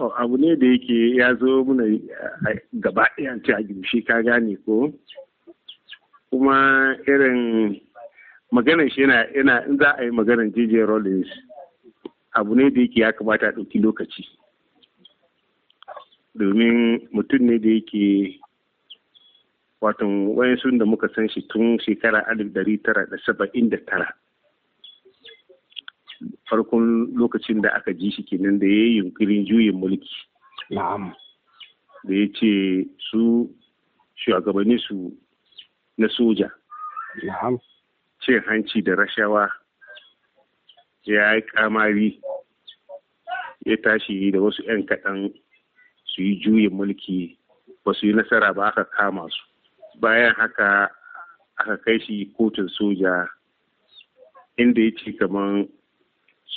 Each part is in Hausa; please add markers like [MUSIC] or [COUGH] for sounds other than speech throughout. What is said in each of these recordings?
abu ne da yake ya zo muna gaba ɗaya a gimshi ka gane ko kuma irin maganar shi yana in za a yi maganar JJ Rollins abu ne da yake ya kamata a ɗauki lokaci domin mutum ne da yake watan sun da muka san shi tun shekara alif ɗari tara da saba'in da tara farkon lokacin da aka ji shi kenan da ya yi yunkurin juyin mulki na'am da ya ce su shugabanni su na soja na'am cin hanci da rashawa ya yi kamari ya tashi da wasu 'yan kaɗan su yi juyin mulki ba su yi nasara ba aka kama su bayan haka aka kai shi kotun soja inda ya ce kamar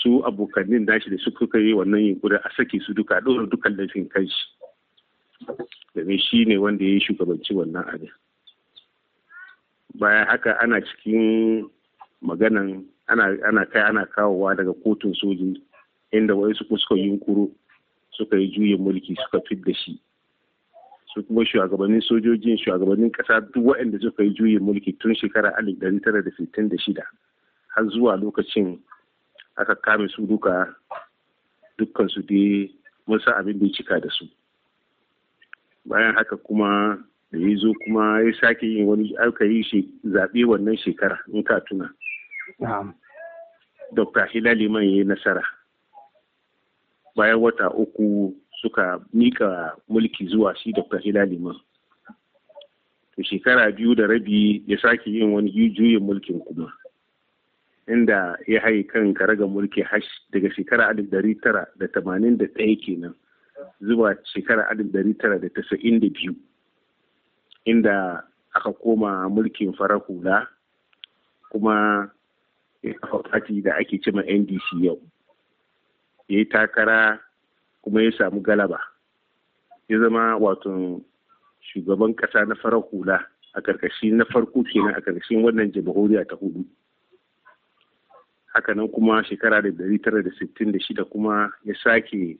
su abokanin dashi da suka yi wannan yunkuri a saki su duka ɗora dukkan laifin kanshi domin shi ne wanda ya yi shugabanci wannan abin bayan haka ana cikin maganan ana kai ana kawowa daga kotun soji inda wai kuma suka suka yi juyin mulki suka fit da shi su kuma shugabannin sojojin shugabannin kasa duk waɗanda suka yi juyin mulki tun shekara alif shida har zuwa lokacin aka kame su duka dukkan dai mun san abin da ya cika da su bayan haka kuma da ya zo kuma ya sake yin wani aka yi zaɓe wannan shekara in ka tuna dr hilali man ya yi nasara bayan wata uku suka mika mulki zuwa shi dr hilali man to shekara biyu da rabi ya sake yin wani juyin mulkin kuma inda ya haye kan karaga mulki hash daga shekara alif dari tara da tamanin da ɗaya kenan zuwa shekara alif dari tara da tasa'in da biyu inda aka koma mulkin farar hula kuma ya fati da ake cima ndc yau ya yi takara kuma ya samu galaba ya zama wato shugaban ƙasa na farar hula a ƙarƙashin na farko kenan a ƙarƙashin wannan jamhuriya ta hudu hakanan kuma shekara da dari tara da sittin da shida kuma ya sake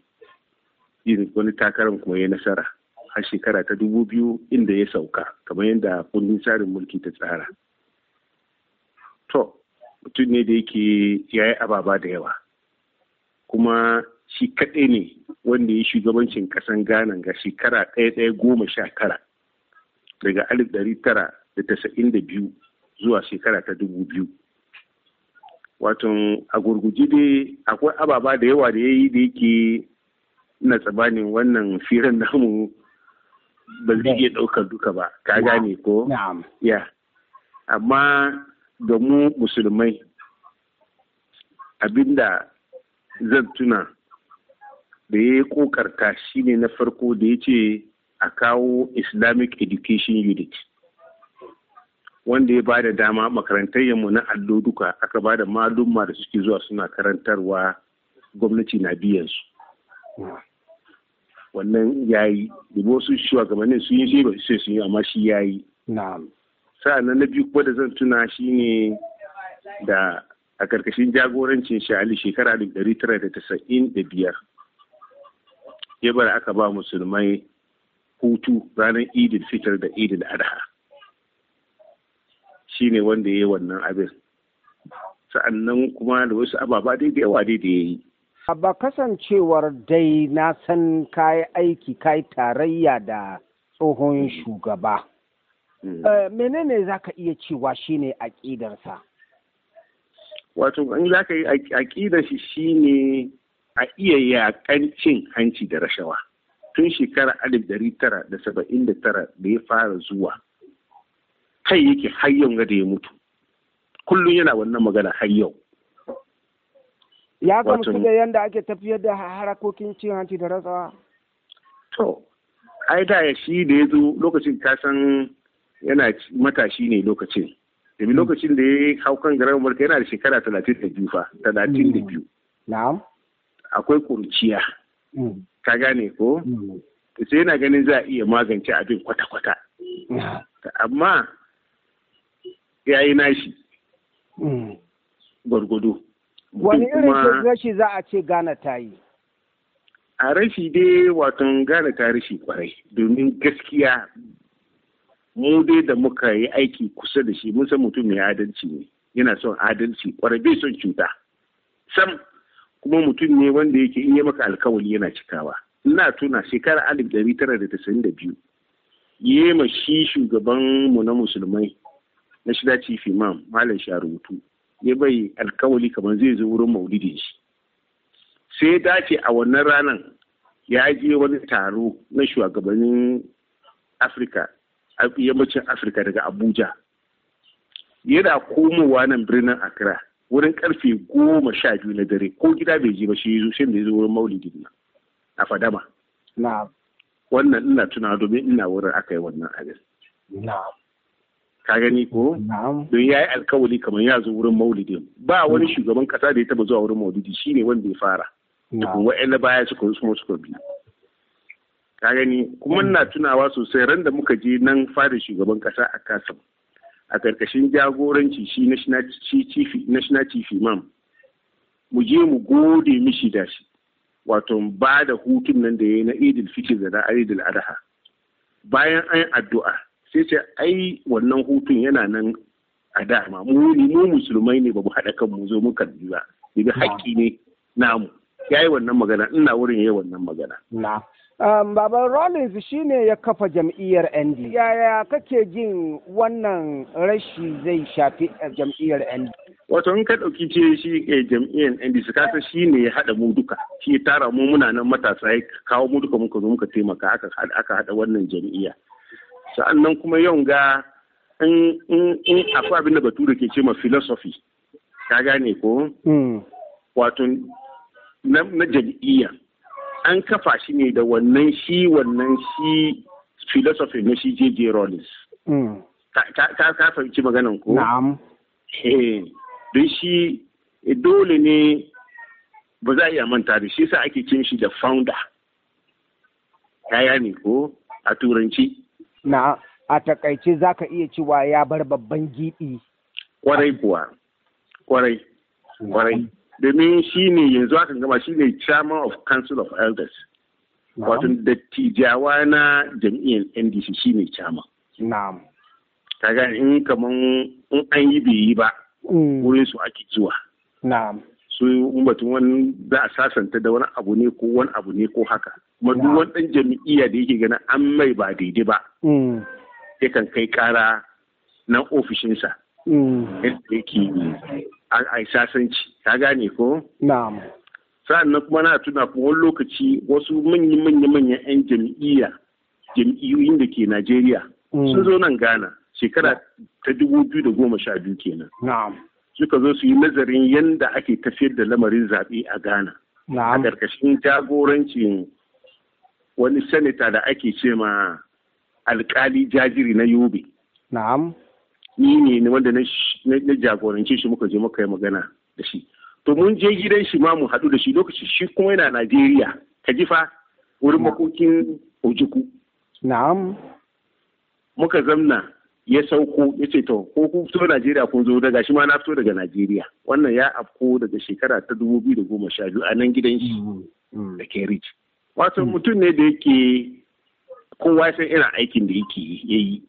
yin wani takarar kuma ya nasara har shekara ta dubu biyu inda ya sauka kamar yadda kundin tsarin mulki ta tsara to mutum ne da yake ya yi ababa da yawa kuma shi kaɗai ne wanda ya shugabancin ƙasan ghana ga shekara ɗaya ɗaya goma sha tara daga alif ɗari tara da tasa'in da biyu zuwa shekara ta dubu biyu Watan a gurguji dai akwai ababa da yawa da ya yi da yake na tsabanin wannan firin namu ba zai iya ɗaukar duka ba ka gane ko ya amma da mu musulmai abinda zan tuna da ya yi kokarta shine na farko da ya ce a kawo islamic education unit wanda ya bada dama makarantar yammu na allo duka aka bada malumma da suke zuwa suna karantarwa gwamnati na biyan su wannan ya yi da wasu shugabannin sun yi shi ba sai sun yi amma shi ya yi sa'annan na biyu kuma da zan tuna shi ne da a karkashin jagorancin shali shekara biyar ya bar aka ba musulmai hutu ranar idil fitar da idil adha Shi ne wanda ya yi wannan abin sa'annan kuma da wasu ababa dai da yawa dai da ya yi ba kasancewar dai na san kayi aiki kayi tarayya da tsohon shugaba hmm. eh, menene za ka iya cewa shi a aƙidarsa wato in za ka yi aƙidar shi ne a iya yakan cin hanci da rashawa tun shekarar alif da saba'in da tara da ya fara zuwa kai yake har yau ga da ya mutu kullum yana wannan magana har yau ya gamsu da yadda ake tafiyar da harakokin cin hanci da ratsawa to ai da ya shi da ya zo lokacin kasan yana matashi ne lokacin Dabi hmm. lokacin da ya hau kan garar amurka yana da shekara talatin da biyu fa talatin da hmm. biyu akwai kurciya hmm. ka gane ko sai yana ganin za a iya magance abin kwata-kwata [LAUGHS] amma ya yi nashi hmm. gwargwado wani irin rashi za a ce gana ta yi a rashi dai watan gane ta rashi kwarai domin gaskiya mu dai da muka yi aiki kusa da shi mun san mutum mai adalci ne yana son adalci kwarai bai son cuta sam kuma mutum ne wanda yake in yi maka alkawali yana cikawa ina tuna shekarar alif dari tara da da biyu yema shi shugaban mu na musulmai na shida chief imam malam a rubutu ya bai alkawali kamar zai zo wurin maulidin shi sai dace a wannan ranar ya je wani taro na shugabannin afirka yammacin afirka daga abuja yana komowa nan birnin accra wurin karfe goma sha biyu na dare ko gida bai je ba shi yazo sai da zo wurin maulidin nan a fadama wannan ina tunawa domin ina wurin aka yi wannan abin ka gani ko don ya yi alkawali kamar ya zo wurin maulidin ba wani mm. shugaban kasa da ya taba zuwa wurin maulidi shine wanda ya fara waala na baya suka su suka bi ka gani kuma mm. na tunawa sosai ran da muka je nan fada shugaban kasa a kasam a karkashin jagoranci shi national chief imam mu je mu gode mishi da shi wato ba da hutun nan da ya yi na idil fitr da na idil adha bayan an addu'a sai ce ai wannan hutun yana nan a dama mu mu musulmai ne ba mu haɗa kanmu zo mu muka ba idan haƙƙi ne namu ya yi wannan magana ina wurin ya yi wannan magana. Um, Baban Rollins shi ne ya kafa jam'iyyar ND. Yaya kake jin wannan rashi zai shafi eh, jam'iyyar ND? Wato in ka ɗauki ce shi eh, jam'iyyar ND su kasa shi ne ya haɗa mu duka. Shi tara mu muna nan matasa ya kawo mu duka muka zo muka taimaka aka haɗa wannan jam'iyya. sa'annan kuma yau ga in akwai abin da bature ke ce ma philosophy ka gane ko hmm. wato na jam'iyya an kafa shi ne da wannan shi wannan shi philosophy na shi J.J. Rollins. Hmm. Ka fahimci maganan ko? Na'am. Eh, don shi dole ne ba za a iya manta da shi sa ake cin shi da founder. Yaya ne ko a turanci. na a takaice za ka iya cewa ya bar babban giɓi. Kwarai kuwa, kwarai, kwarai. Domin shi ne yanzu aka gama shi ne Chairman of Council of Elders. Wato dattijawa na jam'iyyar NDC shi ne Chairman. Na'am. Kaga in kaman in an yi bai yi ba, mm. wurin su ake zuwa. Na'am. su batun wani za a sasanta da wani abu ne ko wani abu ne ko haka kuma wani dan jami'iya da yake ganin an mai ba daidai ba mm. yakan kai kara nan ofishinsa mm. yadda yake a sasanci ka gane ko na'am sa'annan kuma na tuna kuma wani lokaci wasu manya-manya-manyan 'yan jami'iya jami'iyoyin da ke Najeriya mm. sun zo nan Ghana shekara ta dubu biyu da goma sha biyu kenan suka zo su yi nazarin yadda ake tafiyar da lamarin zaɓe a Ghana. A ƙarƙashin jagorancin wani sanita da ake ce ma alkali jajiri na Yobe. Na'am. Ni ne wanda na jagorance shi muka je muka yi magana da shi. To mun je gidan shi ma mu haɗu da shi lokaci shi kuma yana Najeriya. Ka ji fa wurin makokin Ojuku. Na'am. Muka zamna ya sauko ya ce to ko ku fito Najeriya ko zo daga shi ma na fito daga Najeriya wannan ya afko daga shekara ta dubu a nan gidan shi mm, mm. da Kerich wato mutum ne da yake kowa san yana aikin da yake yayi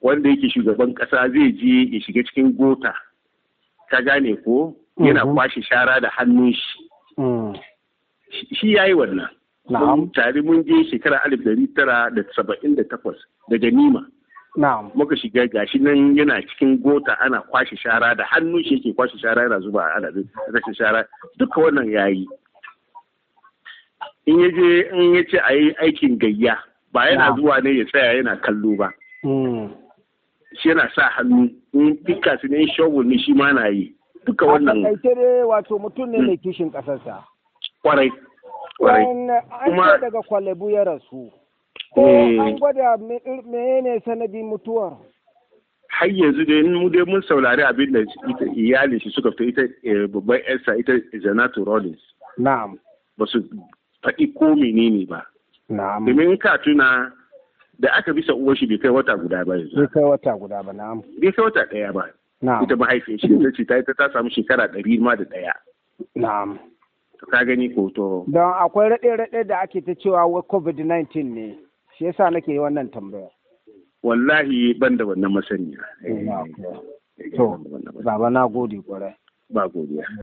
wanda yake shugaban kasa zai je ya shiga cikin gota ka gane ko yana mm-hmm. kwashe shara da hannun shi mm. shi yayi wannan tare mun je shekara alif tara da daga nima muka shiga gashi nan yana cikin gota ana kwashe shara da hannu shi yake kwashe shara yana zuba ana rashin shara duka wannan yayi in yaje in yace a yi aikin gayya ba yana zuwa ne ya tsaya yana kallo ba hmm. shi yana sa hannu in fika su ne shogun ne shi ma na yi duka wannan dai wato mutum ne mai hmm. kishin kasarsa kwarai kwarai kuma daga kwalabu ya rasu ko an eh. gwada menene sanadin mutuwar har yanzu da mu dai mun saurari abin da iyalin shi suka fita ita eh, babban yarsa ita Janatu Rollins na'am ba su faɗi ko menene ba na'am domin ka tuna da aka bisa uwar shi bai kai wata guda ba yanzu bai kai wata guda ba na'am bai kai wata ɗaya ba na'am ita mahaifin shi ta ce ta ta samu shekara ɗari ma da ɗaya na'am ka gani ko to don akwai raɗe-raɗe da ake ta cewa covid-19 ne shi yasa nake wannan tambayar wallahi ban da wannan masaniya to eh, baba na gode kwarai ba godiya